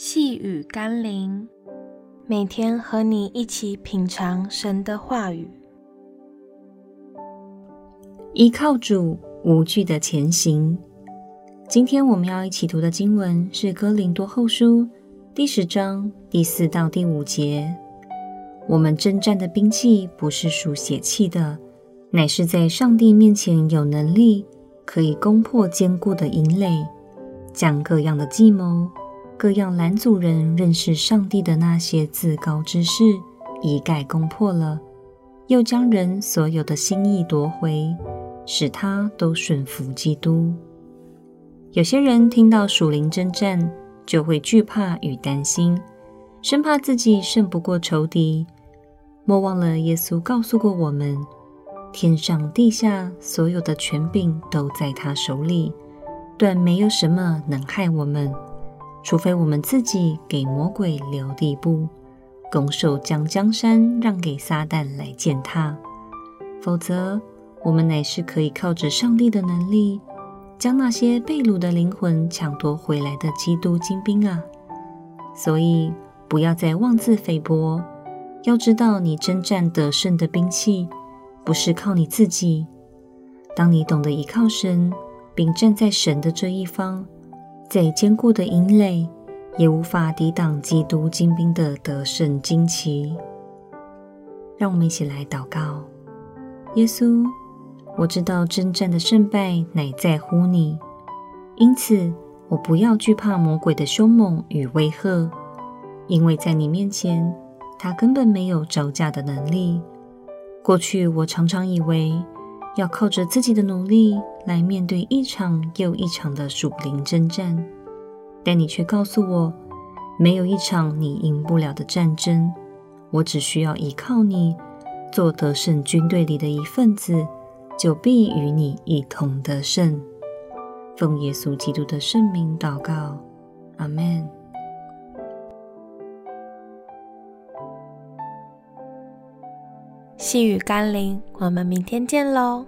細語甘霖，每天和你一起品嚐神的話語，依靠主無懼的前行。今天我們要一起讀的經文是《哥林多後書》第十章第四到第五節。我們征戰的兵器不是屬血氣的，乃是在上帝面前有能力，可以攻破堅固的營壘，將各樣的計謀。各樣攔阻人認識上帝的那些自高之事，一概攻破了，又將人所有的心意奪回，使他都順服基督。有些人聽到屬靈爭戰，就會懼怕與擔心，生怕自己勝不過仇敵。莫忘了耶穌告訴過我們：天上地下所有的權柄都在他手裡，斷沒有什麼能害我們。除非我們自己給魔鬼留地步，拱手將江、江山讓給撒但來踐踏，否則我們乃是可以靠着上帝的能力，將那些被擄的靈魂搶奪回來的基督精兵啊！所以，不要再妄自菲薄，要知道你爭戰得勝的兵器，不是靠你自己。當你懂得依靠神，並站在神的這一方。再堅固的營壘，也無法抵擋基督精兵的得勝旌旗。讓我們一起來禱告：耶穌，我知道爭戰的勝敗乃在乎你，因此我不要懼怕魔鬼的兇猛與威嚇，因為在你面前，他根本沒有招架的能力。過去我常常以為要靠着自己的努力。來面對一場又一場的屬靈爭戰，但你卻告訴我，沒有一場你贏不了的戰爭。我只需要依靠你，做得勝軍隊裡的一份子，就必與你一同得勝。奉耶穌基督的聖名禱告，阿門。細語甘霖，我們明天見嘍。